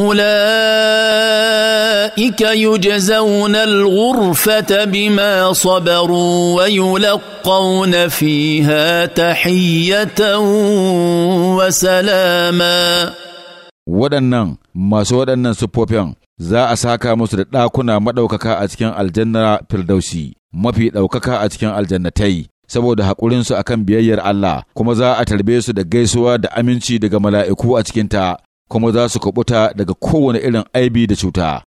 اولئك يجزون الغرفه بما صبروا ويلقون فيها تحيه وسلاما waɗannan masu waɗannan siffofin za a saka musu da ɗakuna maɗaukaka a cikin aljanna firdausi mafi ɗaukaka a cikin aljannatai saboda haƙurinsu akan biyayyar Allah kuma za a tarbe su da gaisuwa da aminci daga mala'iku a cikinta kuma za su kubuta daga kowane irin aibi da cuta.